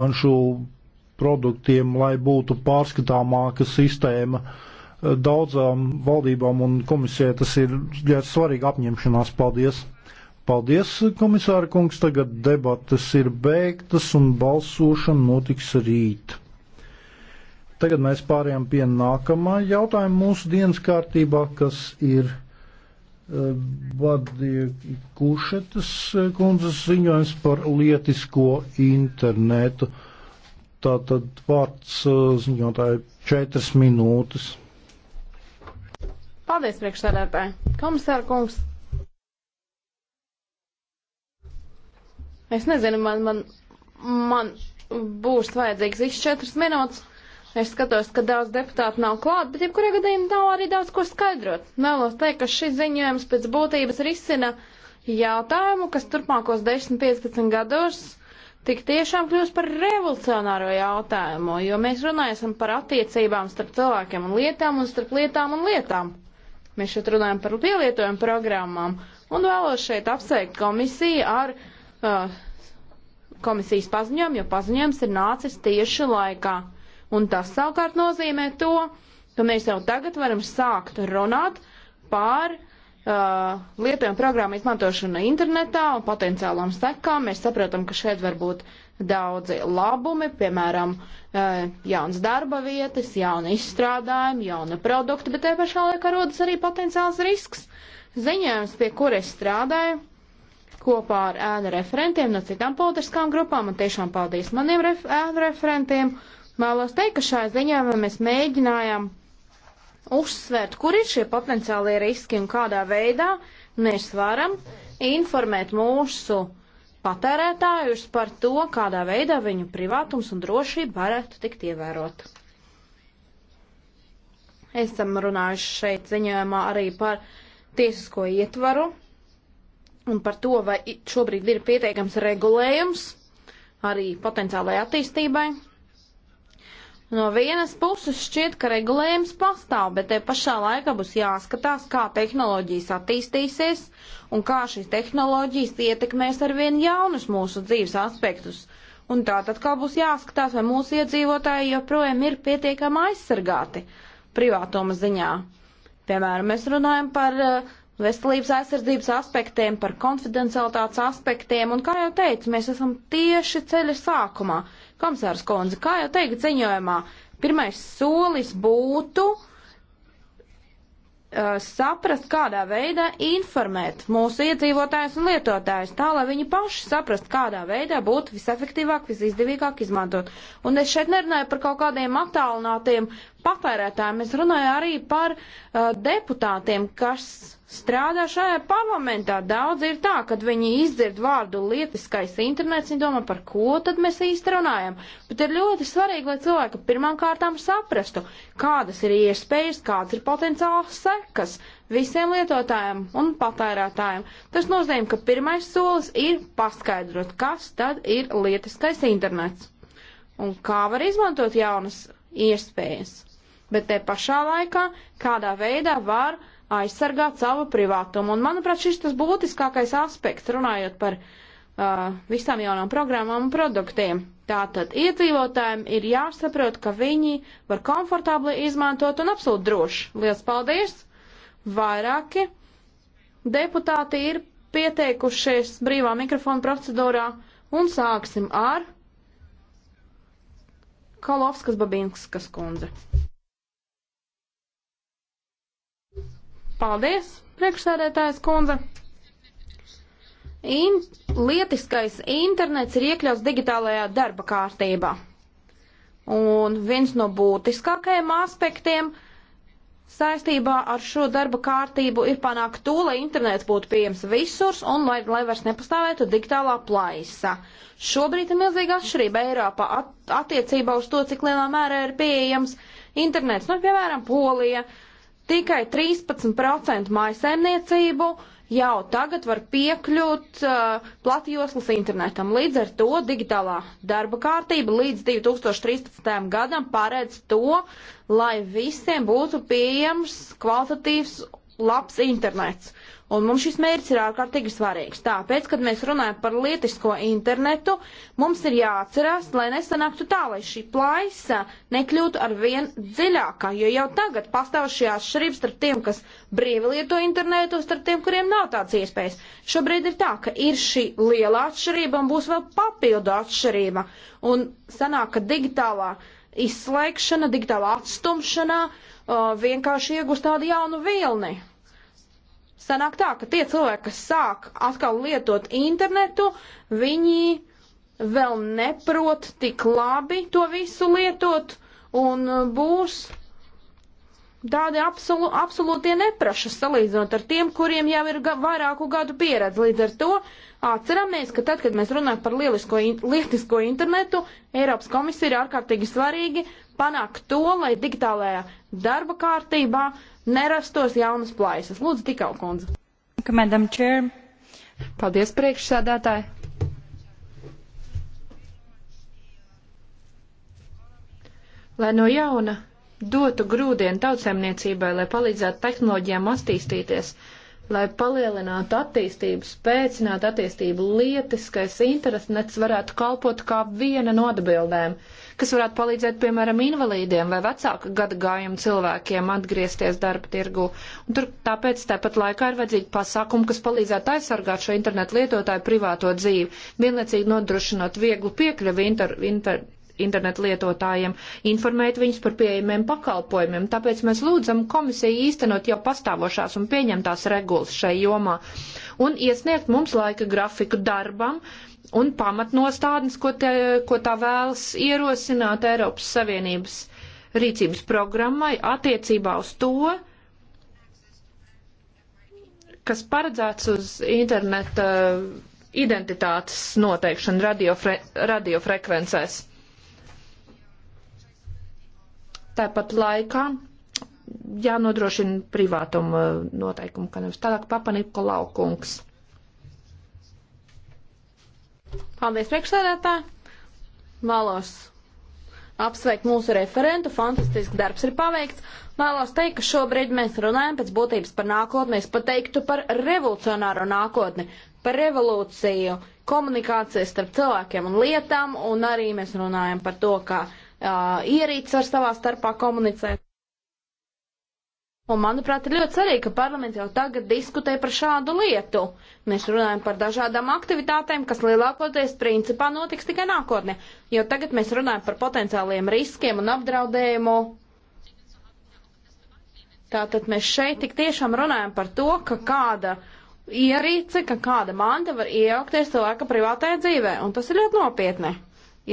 finanšu produktiem, lai būtu pārskatāmāka sistēma. Eh, daudzām valdībām un komisijai tas ir ļoti svarīgi apņemšanās. Paldies! Paldies, komisāra kungs! Tagad debatas ir beigtas un balsošana notiks rīt. Tagad mēs pārējām pie nākamā jautājuma mūsu dienas kārtībā, kas ir vadīja Kušetas eh, kundzes ziņojums par lietisko internetu. Tātad vārds eh, ziņotāji četras minūtes. Paldies, priekšsēdētāji. Komisāra kungs. Es nezinu, man, man, man būs vajadzīgs viss četras minūtes. Es skatos, ka daudz deputātu nav klāt, bet jebkurā gadījumā nav arī daudz ko skaidrot. Vēlos teikt, ka šis ziņojums pēc būtības risina jautājumu, kas turpmākos 10-15 gados tik tiešām kļūst par revolucionāro jautājumu, jo mēs runājam par attiecībām starp cilvēkiem un lietām un starp lietām un lietām. Mēs šeit runājam par pielietojumu programmām un vēlos šeit apsveikt komisiju ar uh, komisijas paziņojumu, jo paziņojums ir nācis tieši laikā. Un tas savukārt nozīmē to, ka mēs jau tagad varam sākt runāt par uh, lietojuma programmu izmantošanu internetā un potenciālām sekām. Mēs saprotam, ka šeit var būt daudzi labumi, piemēram, uh, jauns darba vietas, jauni izstrādājumi, jauni produkti, bet te pašā laikā rodas arī potenciāls risks. Ziņojums, pie kura es strādāju kopā ar ēnu referentiem no citām politiskām grupām, un tiešām paldies maniem ref ēnu referentiem Vēlos teikt, ka šajā ziņojumā mēs mēģinājām uzsvērt, kur ir šie potenciālie riski un kādā veidā mēs varam informēt mūsu patērētājus par to, kādā veidā viņu privātums un drošība varētu tikt ievērot. Esam runājuši šeit ziņojumā arī par tiesisko ietvaru un par to, vai šobrīd ir pietiekams regulējums arī potenciālajai attīstībai. No vienas puses šķiet, ka regulējums pastāv, bet te pašā laikā būs jāskatās, kā tehnoloģijas attīstīsies un kā šīs tehnoloģijas ietekmēs ar vien jaunus mūsu dzīves aspektus. Un tā tad kā būs jāskatās, vai mūsu iedzīvotāji joprojām ir pietiekami aizsargāti privātuma ziņā. Piemēram, mēs runājam par eh, veselības aizsardzības aspektiem, par konfidencialitātes aspektiem, un kā jau teicu, mēs esam tieši ceļa sākumā. Komisārs Konze, kā jau teikt ziņojumā, pirmais solis būtu uh, saprast, kādā veidā informēt mūsu iedzīvotājus un lietotājus, tā lai viņi paši saprast, kādā veidā būtu visefektīvāk, visizdevīgāk izmantot. Un es šeit nerunāju par kaut kādiem attālinātiem patērētājiem, es runāju arī par uh, deputātiem, kas strādā šajā parlamentā. Daudz ir tā, kad viņi izdzird vārdu lietiskais internets, viņi domā, par ko tad mēs īsti runājam. Bet ir ļoti svarīgi, lai cilvēki pirmām kārtām saprastu, kādas ir iespējas, kāds ir potenciāls sekas visiem lietotājiem un patērētājiem. Tas nozīmē, ka pirmais solis ir paskaidrot, kas tad ir lietiskais internets un kā var izmantot jaunas iespējas. Bet te pašā laikā kādā veidā var uh, aizsargāt savu privātumu. Un, manuprāt, šis tas būtiskākais aspekts, runājot par uh, visām jaunām programmām un produktiem. Tātad iedzīvotājiem ir jāsaprot, ka viņi var komfortabli izmantot un absolūti droši. Lielas paldies! Vairāki deputāti ir pieteikušies brīvā mikrofona procedūrā un sāksim ar Kalovskas Babīnskas kundze. Paldies, priekšsēdētājs kundze. In, lietiskais internets ir iekļauts digitālajā darba kārtībā. Un viens no būtiskākajiem aspektiem saistībā ar šo darba kārtību ir panākt to, lai internets būtu pieejams visur un lai, lai vairs nepastāvētu digitālā plaisa. Šobrīd ir milzīga atšķirība Eiropā at, attiecībā uz to, cik lielā mērā ir pieejams internets. Nu, piemēram, Polija, Tikai 13% maisaimniecību jau tagad var piekļūt uh, platjoslas internetam. Līdz ar to digitālā darba kārtība līdz 2013. gadam paredz to, lai visiem būtu pieejams kvalitatīvs labs internets. Un mums šis mērķis ir ārkārtīgi svarīgs. Tāpēc, kad mēs runājam par lietisko internetu, mums ir jāatcerās, lai nesanāktu tā, lai šī plaisa nekļūtu ar vien dziļākā, jo jau tagad pastāv šī atšķirība starp tiem, kas brīvi lieto internetu, starp tiem, kuriem nav tāds iespējas. Šobrīd ir tā, ka ir šī liela atšķirība un būs vēl papildu atšķirība. Un sanāk, ka digitālā izslēgšana, digitālā atstumšana uh, vienkārši iegūst tādu jaunu vilni sanāk tā, ka tie cilvēki, kas sāk atkal lietot internetu, viņi vēl neprot tik labi to visu lietot un uh, būs tādi absolu, absolūti nepraša salīdzinot ar tiem, kuriem jau ir ga, vairāku gadu pieredze. Līdz ar to atceramies, ka tad, kad mēs runājam par lielisko, in, lietisko internetu, Eiropas komisija ir ārkārtīgi svarīgi panākt to, lai digitālajā darba kārtībā nerastos jaunas plaisas. Lūdzu, tikau kundze. Paldies, priekšsādātāji. Lai no jauna dotu grūdienu tautsēmniecībai, lai palīdzētu tehnoloģijām attīstīties, lai palielinātu attīstību, spēcinātu attīstību, lietiskais interesants varētu kalpot kā viena no atbildēm kas varētu palīdzēt, piemēram, invalīdiem vai vecāku gadu gājumu cilvēkiem atgriezties darba tirgu. Un tur tāpēc tāpat laikā ir vajadzīgi pasākumi, kas palīdzētu aizsargāt šo internetu lietotāju privāto dzīvi, vienlaicīgi nodrošinot vieglu piekļuvi inter, inter, internetu lietotājiem, informēt viņus par pieejamiem pakalpojumiem. Tāpēc mēs lūdzam komisiju īstenot jau pastāvošās un pieņemtās regulas šai jomā un iesniegt mums laika grafiku darbam, un pamatnostādnes, ko, te, ko tā vēlas ierosināt Eiropas Savienības rīcības programmai attiecībā uz to, kas paredzēts uz interneta uh, identitātes noteikšanu radiofre, radiofrekvencēs. Tāpat laikā jānodrošina privātuma noteikumu, ka nevis tālāk papanīko laukungs. Paldies, priekšsēdētā. Vēlos apsveikt mūsu referentu, fantastisks darbs ir paveikts. Vēlos teikt, ka šobrīd mēs runājam pēc būtības par nākotni, es pateiktu par revolucionāro nākotni, par revolūciju, komunikācijas starp cilvēkiem un lietām, un arī mēs runājam par to, kā uh, ierīces var savā starpā komunicēt. Un, manuprāt, ir ļoti svarīgi, ka parlaments jau tagad diskutē par šādu lietu. Mēs runājam par dažādām aktivitātēm, kas lielākoties principā notiks tikai nākotnē. Jo tagad mēs runājam par potenciāliem riskiem un apdraudējumu. Tātad mēs šeit tik tiešām runājam par to, ka kāda ierīce, ka kāda manta var iejaukties cilvēka privātajā dzīvē. Un tas ir ļoti nopietni.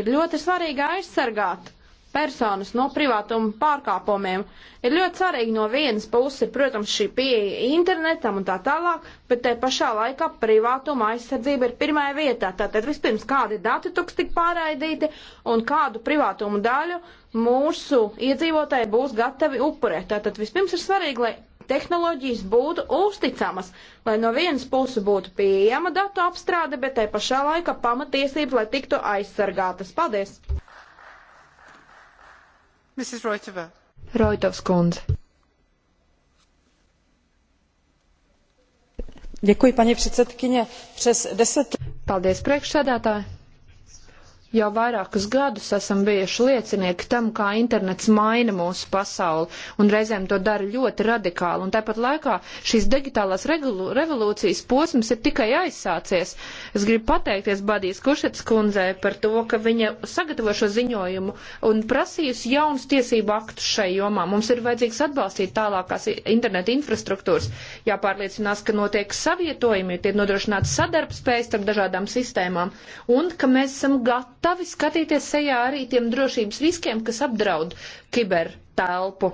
Ir ļoti svarīgi aizsargāt personas no privātuma pārkāpumiem. Ir ļoti svarīgi no vienas puses, protams, šī pieeja internetam un tā tālāk, bet te pašā laikā privātuma aizsardzība ir pirmajā vietā. Tātad vispirms kādi dati tiks tik pārraidīti un kādu privātumu daļu mūsu iedzīvotāji būs gatavi upurēt. Tātad vispirms ir svarīgi, lai tehnoloģijas būtu uzticamas, lai no vienas puses būtu pieejama datu apstrāde, bet te pašā laikā pamatiesības, lai tiktu aizsargātas. Paldies! Mrs. Roitova. Roitovs kundze. Děkuji, paní předsedkyně. Přes deset... Paldies, priekšsēdētāji. Jau vairākus gadus esam bijuši liecinieki tam, kā internets maina mūsu pasauli un reizēm to dara ļoti radikāli. Un tāpat laikā šīs digitālās revolūcijas posms ir tikai aizsācies. Es gribu pateikties Badijas Kušets kundzei par to, ka viņa sagatavo šo ziņojumu un prasījusi jaunus tiesību aktus šai jomā. Mums ir vajadzīgs atbalstīt tālākās interneta infrastruktūras, jāpārliecinās, ka notiek savietojumi, tiek nodrošināts sadarbspējas starp dažādām sistēmām un ka mēs esam gatavi gatavi skatīties sejā arī tiem drošības riskiem, kas apdraud kiber telpu.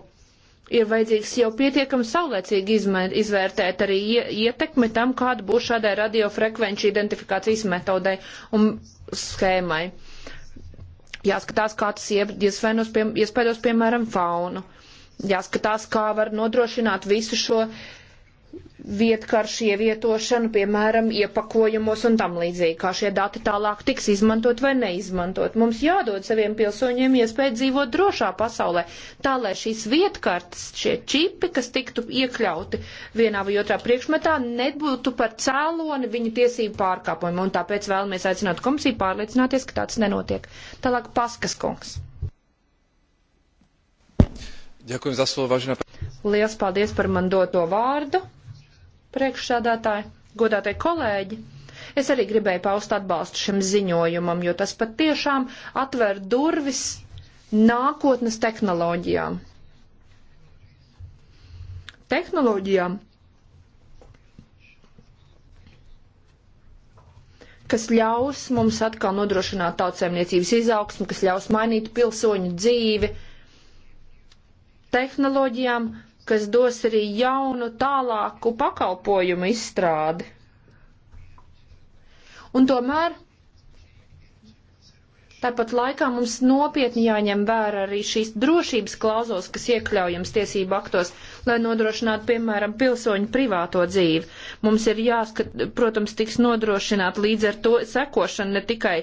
Ir vajadzīgs jau pietiekami saulēcīgi izmē, izvērtēt arī ietekmi tam, kāda būs šādai radiofrekvenču identifikācijas metodai un schēmai. Jāskatās, kā tas iespējos, pie, iespējos piemēram, faunu jāskatās, kā var nodrošināt visu šo vietkaršu ievietošanu, piemēram, iepakojumos un tam līdzīgi, kā šie dati tālāk tiks izmantot vai neizmantot. Mums jādod saviem pilsoņiem iespēju dzīvot drošā pasaulē, tā lai šīs vietkartes, šie čipi, kas tiktu iekļauti vienā vai otrā priekšmetā, nebūtu par cēloni viņu tiesību pārkāpumu, un tāpēc vēlamies aicināt komisiju pārliecināties, ka tāds nenotiek. Tālāk Paskas kungs. Ďakujem za slovo, vážená. Liels paldies par man doto vārdu priekšsādātāji, godātie kolēģi. Es arī gribēju paust atbalstu šim ziņojumam, jo tas pat tiešām atver durvis nākotnes tehnoloģijām. Tehnoloģijām, kas ļaus mums atkal nodrošināt tautsēmniecības izaugsmu, kas ļaus mainīt pilsoņu dzīvi, tehnoloģijām, kas dos arī jaunu tālāku pakalpojumu izstrādi. Un tomēr tāpat laikā mums nopietni jāņem vērā arī šīs drošības klauzulas, kas iekļaujams tiesību aktos, lai nodrošinātu, piemēram, pilsoņu privāto dzīvi. Mums ir jāskat, protams, tiks nodrošināt līdz ar to sekošana ne tikai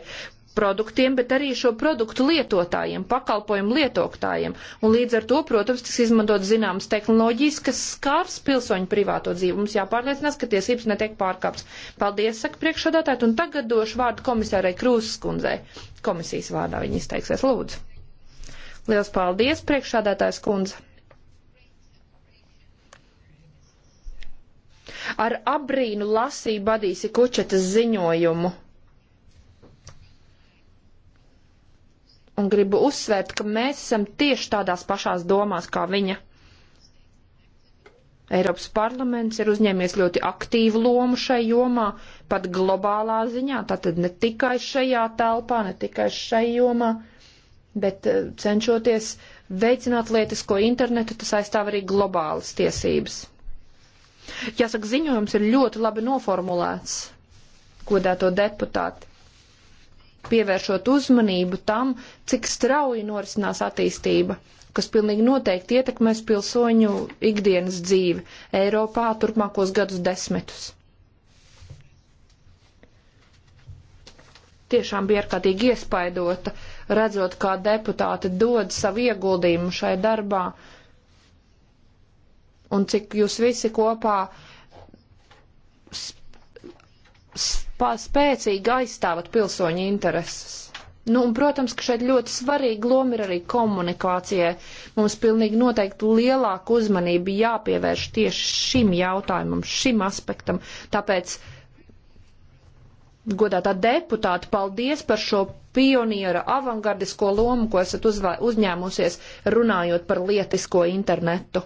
produktiem, bet arī šo produktu lietotājiem, pakalpojumu lietotājiem. Un līdz ar to, protams, tiks izmantot zināmas tehnoloģijas, kas skars pilsoņu privāto dzīvi. Mums jāpārliecinās, ka tiesības netiek pārkāptas. Paldies, saka priekšādātājs, un tagad došu vārdu komisārai Krūzes kundzei. Komisijas vārdā viņa izteiksies, lūdzu. Liels paldies, priekšādātājs kundze. Ar abrīnu lasīju Badīsi Kučetas ziņojumu un gribu uzsvērt, ka mēs esam tieši tādās pašās domās kā viņa. Eiropas parlaments ir uzņēmies ļoti aktīvu lomu šai jomā, pat globālā ziņā, tātad ne tikai šajā telpā, ne tikai šai jomā, bet eh, cenšoties veicināt lietisko internetu, tas aizstāv arī globālas tiesības. Jāsaka, ziņojums ir ļoti labi noformulēts, godēto deputāti pievēršot uzmanību tam, cik strauji norisinās attīstība, kas pilnīgi noteikti ietekmēs pilsoņu ikdienas dzīvi Eiropā turpmākos gadus desmitus. Tiešām bija ārkārtīgi iespaidota, redzot, kā deputāti dod savu ieguldījumu šai darbā, un cik jūs visi kopā spēcīgi aizstāvat pilsoņu intereses. Nu, un, protams, ka šeit ļoti svarīga loma ir arī komunikācijai. Mums pilnīgi noteikti lielāka uzmanība jāpievērš tieši šim jautājumam, šim aspektam. Tāpēc, godātā deputāta, paldies par šo pioniera avangardisko lomu, ko esat uzņēmusies runājot par lietisko internetu.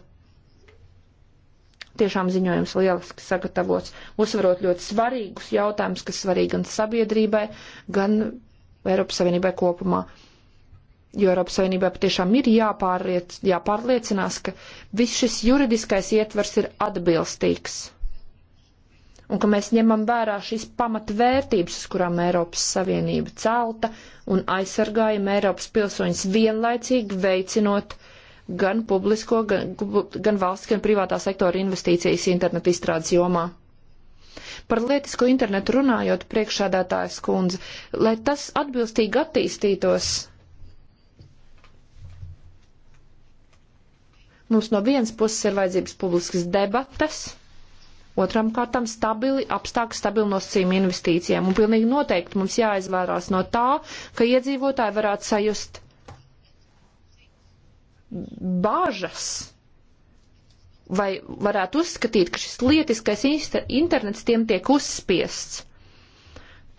Tiešām ziņojums lieliski sagatavots, uzsverot ļoti svarīgus jautājumus, kas svarīgi gan sabiedrībai, gan Eiropas Savienībai kopumā. Jo Eiropas Savienībai patiešām ir jāpārliec, jāpārliecinās, ka viss šis juridiskais ietvers ir atbilstīgs. Un ka mēs ņemam vērā šīs pamatvērtības, uz kurām Eiropas Savienība celta, un aizsargājam Eiropas pilsoņus vienlaicīgi veicinot uh, gan publisko, gan, gan valsts, gan privātā sektora investīcijas internetu izstrādes jomā. Par lietisko internetu runājot, priekšādātājs kundze, lai tas atbilstīgi attīstītos, mums no vienas puses ir vajadzības publiskas debatas, otram kārtam stabili, apstākļi stabili nosacījumi investīcijām. Un pilnīgi noteikti mums jāizvērās no tā, ka iedzīvotāji varētu sajust bažas vai varētu uzskatīt, ka šis lietiskais internets tiem tiek uzspiests.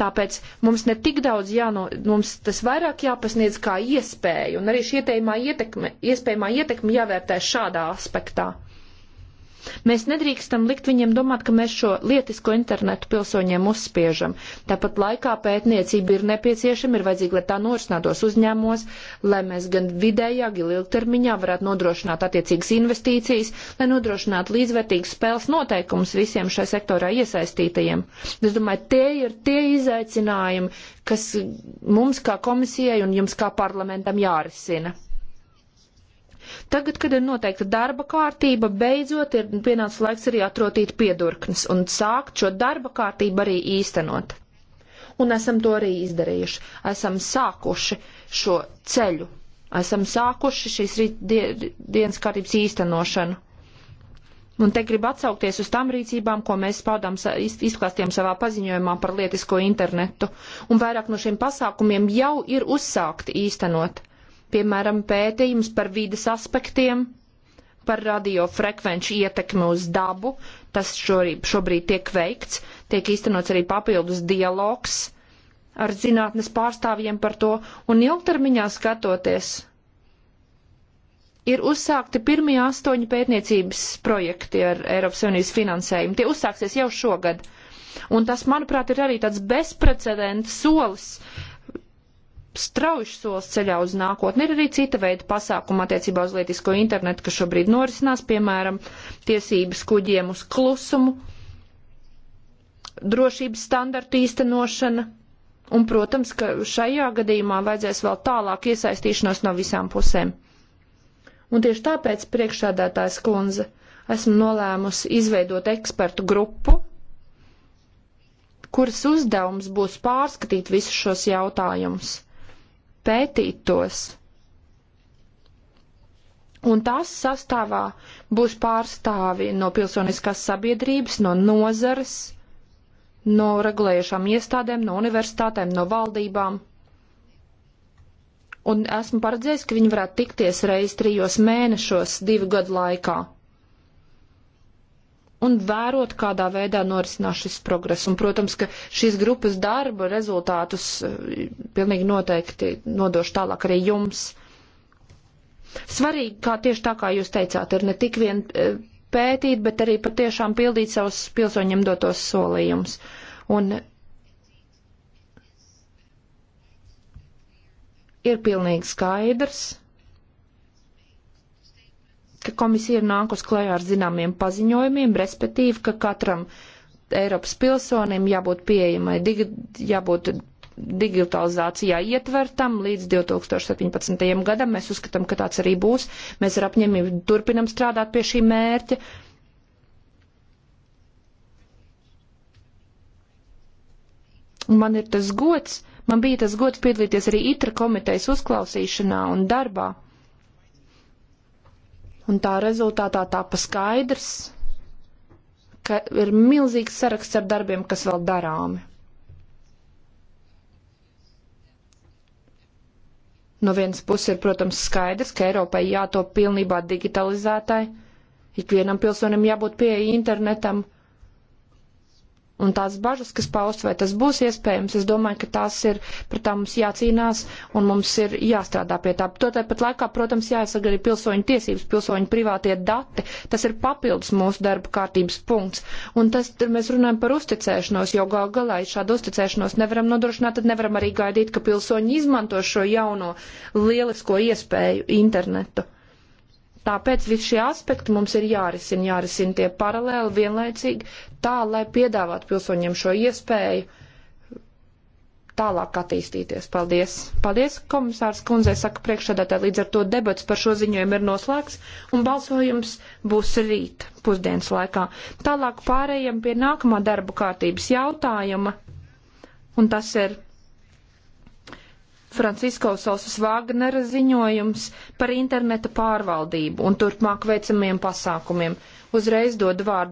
Tāpēc mums ne tik daudz jāno, mums tas vairāk jāpasniedz kā iespēju, un arī šī iespējamā ietekme, iespējamā ietekme jāvērtē šādā aspektā. Mēs nedrīkstam likt viņiem domāt, ka mēs šo lietisko internetu pilsoņiem uzspiežam. Tāpat laikā pētniecība ir nepieciešama, ir vajadzīga, lai tā norisinātos uzņēmumos, lai mēs gan vidējā, gan ilgtermiņā varētu nodrošināt attiecīgas investīcijas, lai nodrošinātu līdzvērtīgas spēles noteikumus visiem šai sektorā iesaistītajiem. Es domāju, tie ir tie izaicinājumi, kas mums kā komisijai un jums kā parlamentam jārisina. Tagad, kad ir noteikta darba kārtība, beidzot ir pienācis laiks arī atrotīt piedurknes un sākt šo darba kārtību arī īstenot. Un esam to arī izdarījuši. Esam sākuši šo ceļu. Esam sākuši šīs dienas kārtības īstenošanu. Un te gribu atsaukties uz tām rīcībām, ko mēs paudām, izklāstījām savā paziņojumā par lietisko internetu. Un vairāk no šiem pasākumiem jau ir uzsākti īstenot piemēram, pētījums par vides aspektiem, par radiofrekvenču ietekmi uz dabu. Tas šorīd, šobrīd tiek veikts, tiek īstenots arī papildus dialogs ar zinātnes pārstāvjiem par to, un ilgtermiņā skatoties, ir uzsākti pirmie astoņi pētniecības projekti ar Eiropas Savienības finansējumu. Tie uzsāksies jau šogad. Un tas, manuprāt, ir arī tāds bezprecedenta solis strauji solis ceļā uz nākotni. Ir arī cita veida pasākuma attiecībā uz lietisko internetu, kas šobrīd norisinās, piemēram, tiesības kuģiem uz klusumu, drošības standartu īstenošana. Un, protams, ka šajā gadījumā vajadzēs vēl tālāk iesaistīšanos no visām pusēm. Un tieši tāpēc priekšādātājs kundze esmu nolēmusi izveidot ekspertu grupu, kuras uzdevums būs pārskatīt visus šos jautājumus pētīt tos. Un tās sastāvā būs pārstāvi no pilsoniskās sabiedrības, no nozares, no regulējušām iestādēm, no universitātēm, no valdībām. Un esmu paredzējis, ka viņi varētu tikties reiz trijos mēnešos divu gadu laikā un vērot, kādā veidā norisinās šis progress. Un, protams, ka šīs grupas darba rezultātus eh, pilnīgi noteikti nodošu tālāk arī jums. Svarīgi, kā tieši tā kā jūs teicāt, ir ne tik vien eh, pētīt, bet arī patiešām pildīt savus pilsoņiem dotos solījumus. Un ir pilnīgi skaidrs, ka komisija ir nākus klajā ar zināmiem paziņojumiem, respektīvi, ka katram Eiropas pilsonim jābūt pieejamai, digi, jābūt digitalizācijā ietvertam līdz 2017. gadam. Mēs uzskatām, ka tāds arī būs. Mēs ar apņēmību turpinam strādāt pie šī mērķa. Man ir tas gods, man bija tas gods piedalīties arī ITRA komitejas uzklausīšanā un darbā. Un tā rezultātā tāpa skaidrs, ka ir milzīgs saraksts ar darbiem, kas vēl darāmi. No vienas puses ir, protams, skaidrs, ka Eiropai jātop pilnībā digitalizētai, ikvienam pilsonim jābūt pieeja internetam, Un tās bažas, kas paust, vai tas būs iespējams, es domāju, ka tās ir, pret tām mums jācīnās un mums ir jāstrādā pie tā. To tāpat laikā, protams, jāaizsargā arī pilsoņu tiesības, pilsoņu privātie dati. Tas ir papildus mūsu darba kārtības punkts. Un tas, mēs runājam par uzticēšanos, jo gal galā, ja šādu uzticēšanos nevaram nodrošināt, tad nevaram arī gaidīt, ka pilsoņi izmanto šo jauno lielisko iespēju internetu. Tāpēc visi šie aspekti mums ir jārisina, jārisina tie paralēli vienlaicīgi, tā, lai piedāvātu pilsoņiem šo iespēju tālāk attīstīties. Paldies! Paldies, komisārs kundzei, saka priekšsādātāji, līdz ar to debats par šo ziņojumu ir noslēgts, un balsojums būs rīt pusdienas laikā. Tālāk pārējiem pie nākamā darbu kārtības jautājuma, un tas ir Francisko Sausas Vāgnera ziņojums par interneta pārvaldību un turpmāk veicamiem pasākumiem. Uzreiz dod vārdu